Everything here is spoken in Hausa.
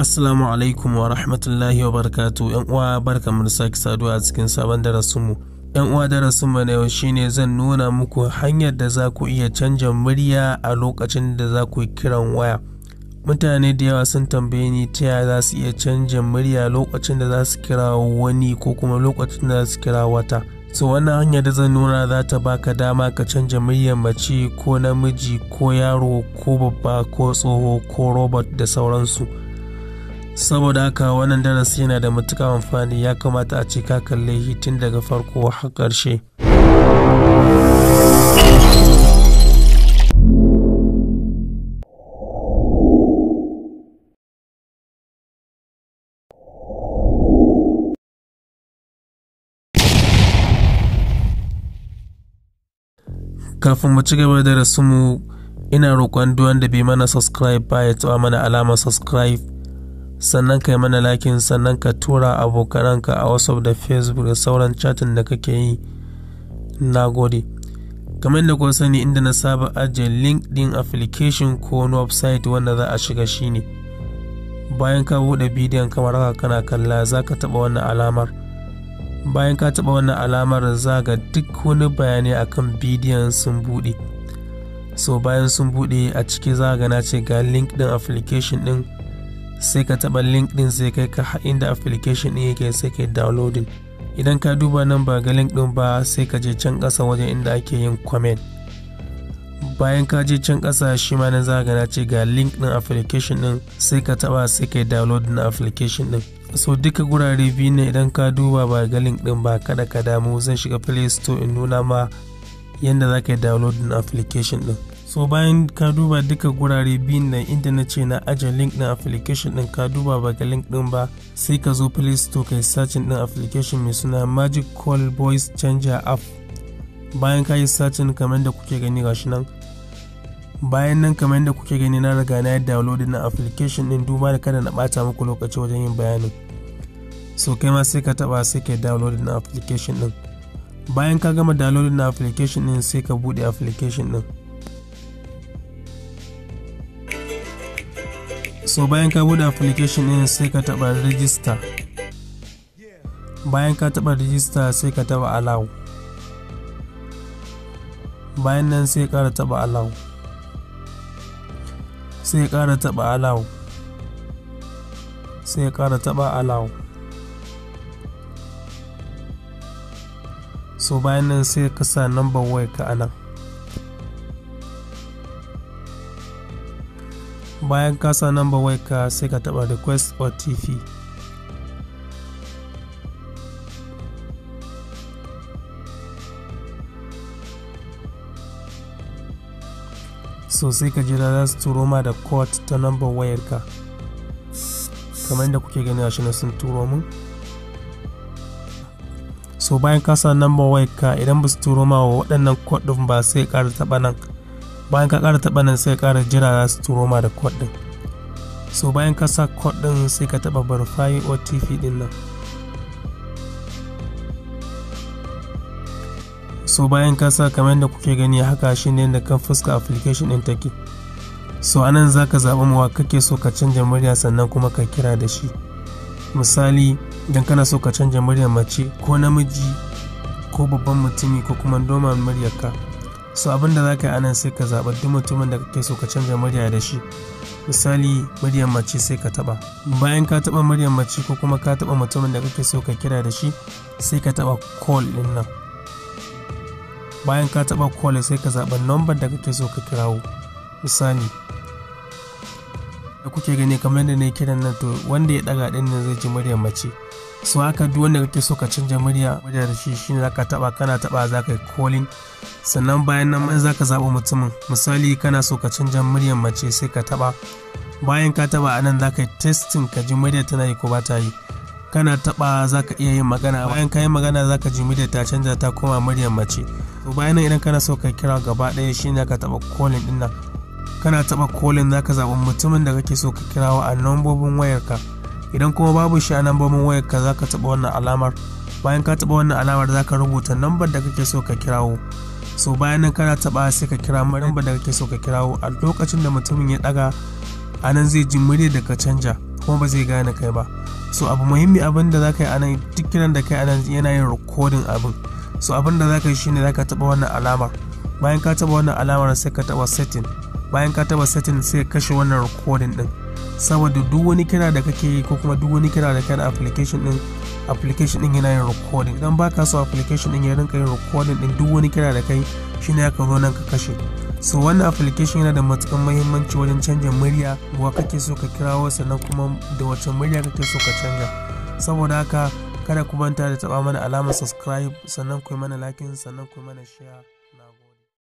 Assalamu alaikum wa rahmatullahi wa barakatu ‘yan uwa barka mu da sake saduwa a cikin sabon darasinmu. ‘Yan uwa darasinmu na yau shine zan nuna muku hanyar da za ku iya canja murya a lokacin da za ku kiran waya. Mutane da yawa sun tambaye ni ta yaya za su iya canja murya lokacin da za su kira wani ko kuma lokacin da za su kira wata. So wannan hanyar da zan nuna za ta baka dama ka canja muryar mace ko namiji ko yaro ko babba ko tsoho ko robot da sauransu. saboda haka wannan darasi yana da matuƙar amfani ya kamata a ce ka kalle shi tun daga farko har ƙarshe kafin mu ci gaba da rasu mu ina roƙon duwan da bai mana subscribe ba ya taɓa mana alama subscribe sannan ka yi mana lakin sannan ka tura abokananka a whatsapp da facebook da sauran chatin da kake yi na gode kamar da kuwa sani inda na saba ajiye linkedin application ko wani website wanda za a shiga shine bayan ka buɗe bidiyon kamar haka kana kalla za ka taɓa wannan alamar bayan ka taba wannan alamar za ga duk wani bayanai akan bidiyon sun buɗe so bayan sun buɗe a ciki za ga na ce ga linkedin application ɗin sai ka taba link din sai kai ka inda application ɗin yake sai kai downloading idan ka duba nan ba ga link din ba sai ka je can ƙasa wajen inda ake yin comment bayan ka je can ƙasa shi ma nan za na ce ga link din application ɗin sai ka taba sai kai download na application ɗin so duka gurare biyu ne idan ka duba ba ga link din ba kada ka damu zan shiga play store in nuna ma yadda za ka yi download na application ɗin so bayan ka duba duka gurare biyun nan inda na ce na ajiye link na application din ka duba ba ga link din ba sai ka zo play store kai searching din application mai suna magic call voice changer app bayan ka yi searching kamar da kuke gani gashi nan bayan nan kamar da kuke gani na riga na yi download na application din duba da kada na bata muku lokaci wajen yin bayanin so kai ma sai ka taba sai ka download na application din bayan ka gama download na application din sai ka bude application din so bayan ka bude application din sai ka taba register bayan ka taba register sai ka taba allow bayan nan sai kara taba allow sai kara taba allow sai kara taba allow so bayan nan sai ka sa number wai ka anan bayan kasa nan number ka sai ka taba request otp so sai ka jira za su turo ma da court ta number wayar ka kamar yadda kuke gani a shine sun turo mun so bayan kasa number wayar ka idan ba su turo ma wa waɗannan court ɗin ba sai ƙara taɓa nan bayan ka kara taɓa nan sai ka kara jira za su turo ma da kod ɗin so bayan ka sa kod ɗin sai ka taɓa verify otp ɗin nan so bayan ka sa kamar da kuke gani haka shi ne da kan fuska application ɗin take so anan za ka zaɓi mawa kake so ka canja murya sannan kuma ka kira da shi misali idan kana so ka canja murya mace ko namiji ko babban mutumi ko kuma doman muryarka su abin da za ka yi anan sai ka zaɓa duk mutumin da kake so ka canza murya da shi misali muryar mace sai ka taɓa bayan ka taɓa muryar mace ko kuma ka taɓa mutumin da kake so ka kira da shi sai ka taɓa call ɗin nan bayan ka taɓa call sai ka zaɓa number da kake so ka kirawo misali da kuke gani kamar da na kiran nan to wanda ya ɗaga ɗin nan zai ji muryar mace so haka duk wanda kake so ka canja murya murya da shi shine zaka taba kana taba zaka calling sannan bayan nan za zaka zabo mutumin misali kana so ka canja muryar mace sai ka taba bayan ka taba anan zaka testing ka ji murya tana yi ko ba ta yi kana taba zaka iya yin magana bayan ka yi magana zaka ji murya ta canja ta koma muryar mace to bayan nan idan kana so ka kira gaba ɗaya shine zaka taba calling din nan kana taba calling zaka zabi mutumin da kake so ka kirawa a lambobin wayarka idan kuma babu shi a nambobin wayar ka za ka taɓa wannan alamar bayan ka taɓa wannan alamar za ka rubuta lambar da kake so ka kirawo so bayan nan kana taɓa sai ka kira lambar da kake so ka kirawo a lokacin da mutumin ya ɗaga a nan zai ji murya da ka canja kuma ba zai gane kai ba so abu muhimmi abin da za ka yi a nan duk kiran da kai a nan yana yin rikodin abin so abin da za ka yi shine za ka taɓa wannan alamar bayan ka taɓa wannan alamar sai ka taɓa setting bayan ka taba setting sai kashe wannan recording din saboda duk wani kira da kake yi ko kuma duk wani kira da kana application din application din yana yin recording idan baka so application din ya rinka yin recording din duk wani kira da kai shine ya zo nan ka kashe so wannan application yana da matukan mahimmanci wajen canja murya wa kake so ka kirawo sannan kuma da wacce murya kake so ka canja saboda haka kada ku manta da taba mana alamar subscribe sannan ku yi mana like sannan ku yi mana share